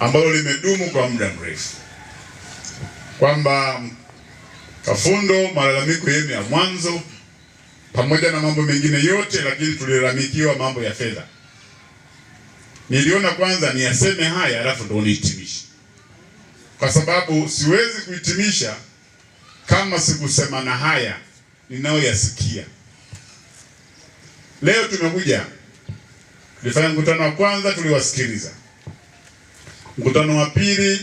ambalo limedumu kwa muda mrefu, kwamba Kafundo malalamiko yenu ya mwanzo pamoja na mambo mengine yote, lakini tulilalamikiwa mambo ya fedha. Niliona kwanza niyaseme haya, alafu ndo nihitimishe, kwa sababu siwezi kuhitimisha kama sikusema na haya ninayoyasikia leo. Tumekuja, tulifanya mkutano wa kwanza, tuliwasikiliza Mkutano wa pili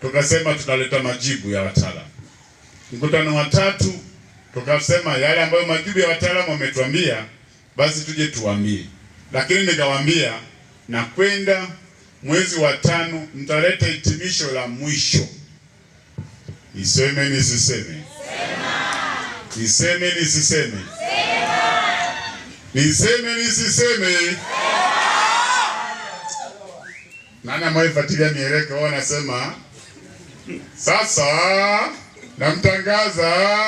tukasema tunaleta majibu ya wataalamu. Mkutano wa tatu tukasema yale ambayo majibu ya wataalamu wametuambia basi tuje tuwaambie, lakini nikawaambia na kwenda mwezi wa tano mtaleta hitimisho la mwisho. Niseme nisiseme? Niseme nisiseme? Niseme nisiseme? Nani amefuatilia mieleke wao wanasema sasa namtangaza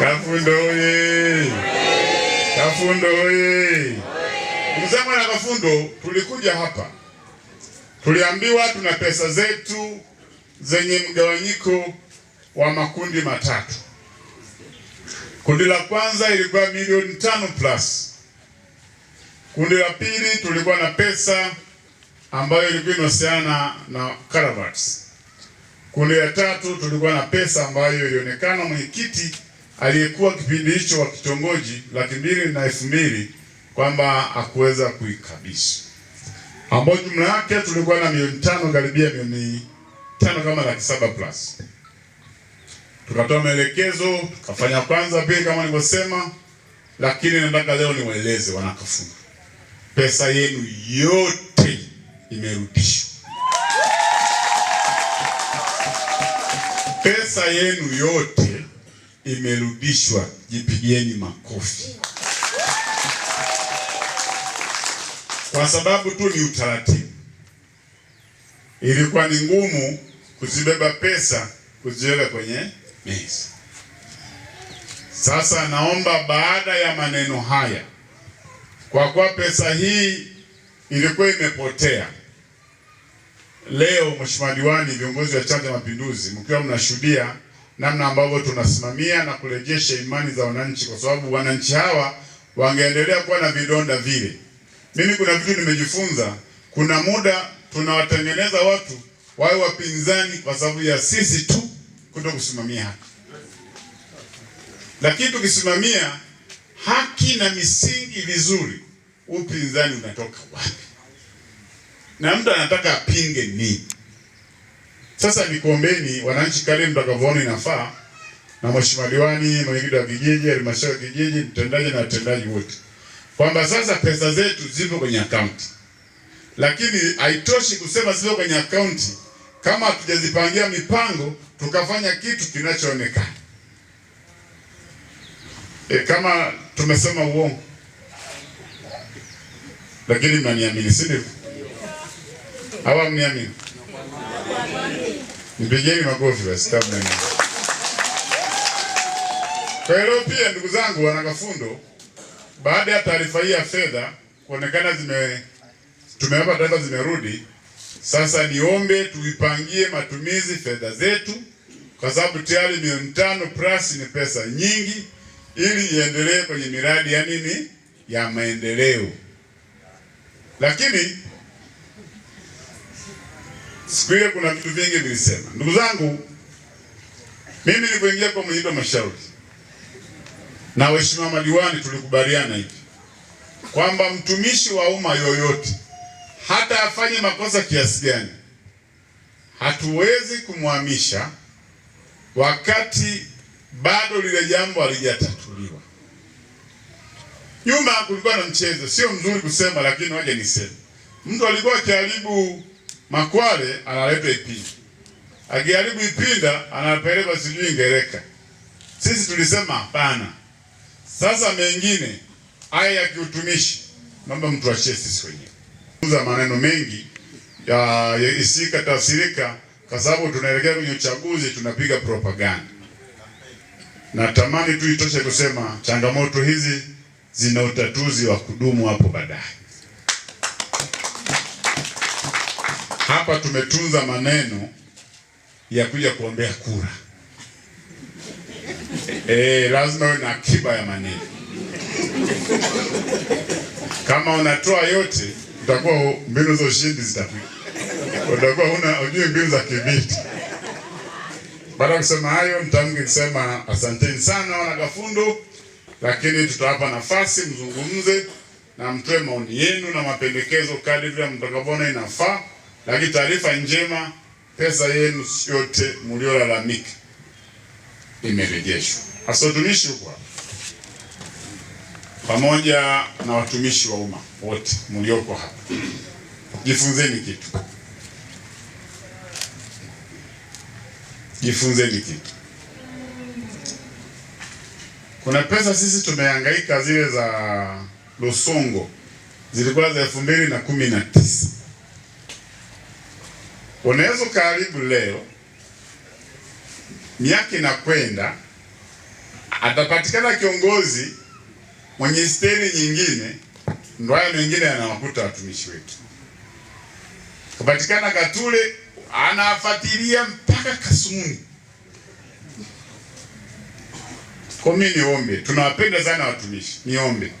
Kafundo oye! Kafundo oye! Mzema na Kafundo, tulikuja hapa tuliambiwa tuna pesa zetu zenye mgawanyiko wa makundi matatu. Kundi la kwanza ilikuwa milioni tano plus Kundi la pili tulikuwa na pesa ambayo ilikuwa inahusiana na caravans. Kundi la tatu tulikuwa na pesa ambayo ilionekana mwenyekiti aliyekuwa kipindi hicho wa kitongoji laki mbili na elfu mbili kwamba akuweza kuikabisi ambayo jumla yake tulikuwa na milioni tano karibia milioni tano kama laki saba plus. Tukatoa maelekezo, tukafanya kwanza, pia kama nilivyosema, lakini nataka leo niwaeleze wanakafunga pesa yenu yote imerudishwa, pesa yenu yote imerudishwa. Jipigieni makofi, kwa sababu tu ni utaratibu. Ilikuwa ni ngumu kuzibeba pesa kuziweka kwenye meza. Sasa naomba baada ya maneno haya kwa kuwa pesa hii ilikuwa imepotea. Leo Mheshimiwa Diwani, viongozi wa Chama cha Mapinduzi, mkiwa mnashuhudia namna ambavyo tunasimamia na kurejesha imani za wananchi, kwa sababu wananchi hawa wangeendelea kuwa na vidonda vile. Mimi kuna vitu nimejifunza, kuna muda tunawatengeneza watu wawe wapinzani kwa sababu ya sisi tu kuto kusimamia haki, lakini tukisimamia haki na misingi vizuri, upinzani unatoka wapi? Na mtu anataka apinge nini? Sasa nikuombeni wananchi, kale mtakavyoona inafaa, na mheshimiwa diwani, mwenyekiti wa vijiji, halmashauri vijiji, mtendaji na watendaji wote, kwamba sasa pesa zetu zipo kwenye akaunti, lakini haitoshi kusema zipo kwenye akaunti kama hatujazipangia mipango tukafanya kitu kinachoonekana e, kama tumesema uongo, lakini mnaniamini, si ndio? Hawa mniamini? nipigeni makofi basi. Kwa hiyo pia ndugu zangu wanakafundo, baada ya taarifa hii ya fedha kuonekana zime tumewapa taarifa zimerudi, sasa niombe tuipangie matumizi fedha zetu, kwa sababu tayari milioni tano plus ni pesa nyingi ili iendelee kwenye miradi ya nini ya maendeleo. Lakini siku ile kuna vitu vingi vilisema. Ndugu zangu, mimi nilipoingia kwa mwenyekiti wa mashauri na waheshimiwa madiwani, tulikubaliana hivi kwamba mtumishi wa umma yoyote hata afanye makosa kiasi gani, hatuwezi kumhamisha wakati bado lile jambo halijatatuliwa. Nyuma kulikuwa na mchezo, sio mzuri kusema, lakini waje niseme, mtu alikuwa akiharibu Makwale analeta Ipinda, akiharibu Ipinda anapeleka sijui Ngereka. Sisi tulisema hapana. Sasa mengine haya ya kiutumishi, naomba mtu mtuachie sisi wenyewe kuza maneno mengi ya isika tafsirika, kwa sababu tunaelekea kwenye uchaguzi, tunapiga propaganda. Natamani tu itoshe kusema changamoto hizi zina utatuzi wa kudumu hapo baadaye. Hapa tumetunza maneno ya kuja kuombea kura. E, lazima uwe na akiba ya maneno. Kama unatoa yote, utakuwa mbinu za ushindi zitakuwa utakuwa hujui mbinu za kivita. Baada ya kusema hayo, nitamke kusema asanteni sana wana Gafundo, lakini tutawapa nafasi mzungumze na mtoe maoni yenu na mapendekezo kadri mtakavyoona inafaa. Lakini taarifa njema, pesa yenu yote mliolalamika imerejeshwa. Hasa watumishi huko pamoja na watumishi wa umma wote mlioko hapa, jifunzeni kitu. jifunzeni kitu. Kuna pesa sisi tumehangaika, zile za Losongo zilikuwa za elfu mbili na kumi na tisa. Unaweza karibu leo miaka inakwenda, atapatikana kiongozi mwenye steni nyingine, ndo haya mengine yanawakuta watumishi wetu. Kapatikana Katule anafuatilia mpaka Kasumuni. Kwa mimi niombe, tunawapenda sana watumishi, niombe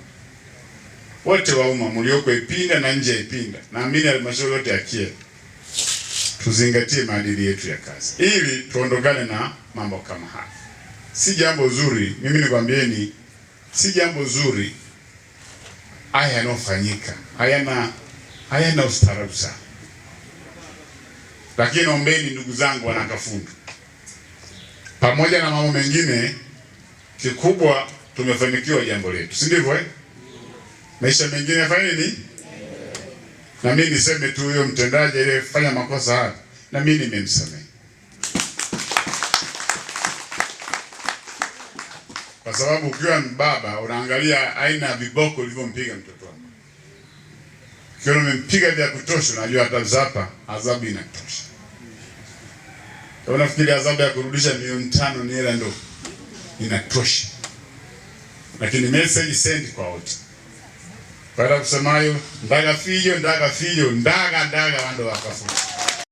wote wa umma mlioko Ipinda na nje ya Ipinda, naamini halmashauri yote ya KIA, tuzingatie maadili yetu ya kazi ili tuondokane na mambo kama haya. Si jambo zuri, mimi nikwambieni, si jambo zuri haya yanayofanyika, hayana hayana ustaarabu sana. Lakini ombeni ndugu zangu Wanakafundu, pamoja na mambo mengine, kikubwa tumefanikiwa jambo letu, si ndivyo eh? Maisha mengine yafanye nini? Na mimi niseme tu huyo mtendaji aliyefanya makosa haya, na mimi nimemsamehe, kwa sababu ukiwa mbaba unaangalia aina ya viboko ulivyompiga mtoto wako. Ukiwa umempiga vya kutosha, unajua hata zapa adhabu inatosha. Unafikiri adhabu ya kurudisha milioni tano ni hela ndo Inatosha, lakini message send kwa wote. Baada kusema hayo, ndaga fijo ndaga fijo ndaga ndaga wando wakafu